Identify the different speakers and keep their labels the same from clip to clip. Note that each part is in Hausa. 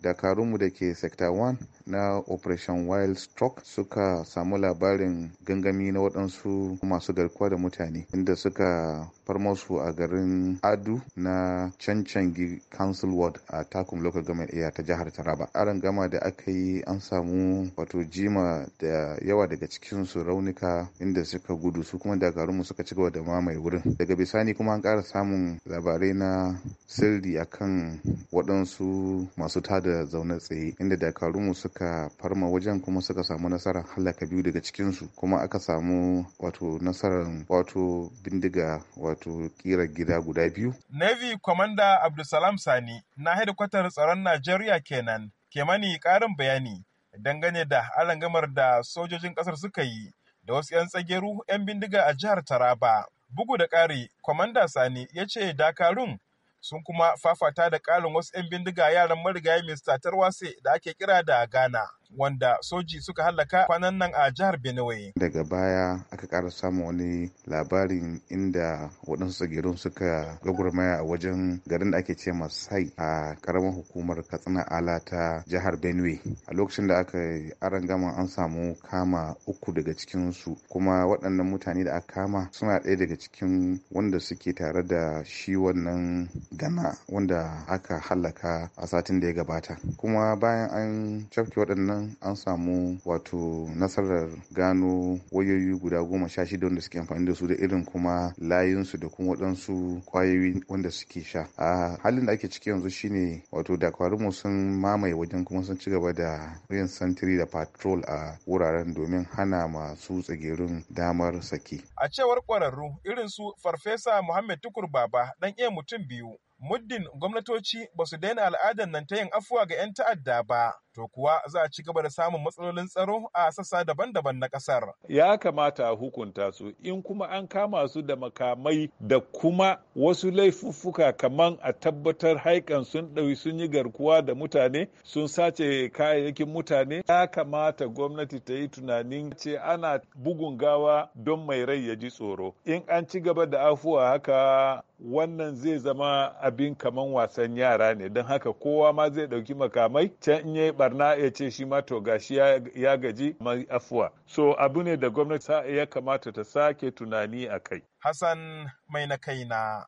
Speaker 1: dakarunmu da ke sector 1 na operation wild stock suka samu labarin gangami na waɗansu masu garkuwa da mutane inda suka farmo su a garin adu na cancangi council ward a takum local government area ta jihar taraba aron gama da aka yi an samu wato jima da yawa daga cikin su raunuka inda suka gudu su kuma dakarunmu suka ci gaba da mamaye wurin daga bisani kuma an ƙara samun labarai na sirri akan waɗansu masu tada da zaune tsaye inda dakarunmu suka farma wajen kuma suka samu nasarar halaka biyu daga cikinsu kuma aka samu wato nasarar wato bindiga wato kira gida guda biyu.
Speaker 2: Navy Commander Abdulsalam Sani na hedikwatar tsaron Najeriya kenan ke mani karin bayani dangane da alangamar da sojojin kasar suka yi da wasu 'yan tsageru 'yan bindiga a jihar Taraba. Bugu da ƙari, Kwamanda Sani ya ce Dakarun sun kuma fafata da ƙarin wasu 'yan bindiga yaran marigayi mai satar sai da ake kira da Ghana. wanda soji suka hallaka kwanan nan a jihar benue
Speaker 1: daga baya aka kara samun wani labarin inda waɗansu tsagirin suka gagurmaya a wajen garin da ake ce masai a karamar hukumar katsina ala ta jihar benue a lokacin da aka yi gama an samu kama uku daga cikinsu kuma waɗannan mutane da aka kama suna ɗaya daga cikin wanda suke tare da shi wannan gana wanda aka hallaka a satin da ya gabata kuma bayan an cafke waɗannan nan an samu wato nasarar gano wayoyi guda goma sha shida wanda suke amfani da su da irin kuma layinsu da kuma waɗansu kwayoyi wanda suke sha a halin da ake ciki yanzu shine wato dakarunmu sun mamaye wajen kuma sun ci gaba da yin santiri da patrol a wuraren domin hana masu tsagerun damar saki
Speaker 2: a cewar kwararru irin su farfesa muhammed tukur baba dan iya mutum biyu muddin gwamnatoci ba su daina al'adar nan ta yin afuwa ga 'yan ta'adda ba to kuwa za a ci gaba da samun matsalolin tsaro a sassa daban-daban na ƙasar.
Speaker 3: Ya kamata a hukunta su in kuma an kama su da makamai da kuma wasu laifuffuka kaman a tabbatar haikan sun ɗauki sun yi garkuwa da mutane sun sace kayayyakin mutane ya kamata gwamnati ta yi tunanin ce ana bugun gawa don mai rai ya ji tsoro in an ci gaba da afuwa haka wannan zai zama abin kaman wasan yara ne don haka kowa ma zai ɗauki makamai can in yi barna ya ce shi ma to gashi ya gaji mai afuwa so abu ne da gwamnati ya kamata ta sake tunani a kai
Speaker 2: hassan mai na kai na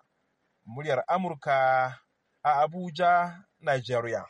Speaker 2: muryar amurka a abuja nigeria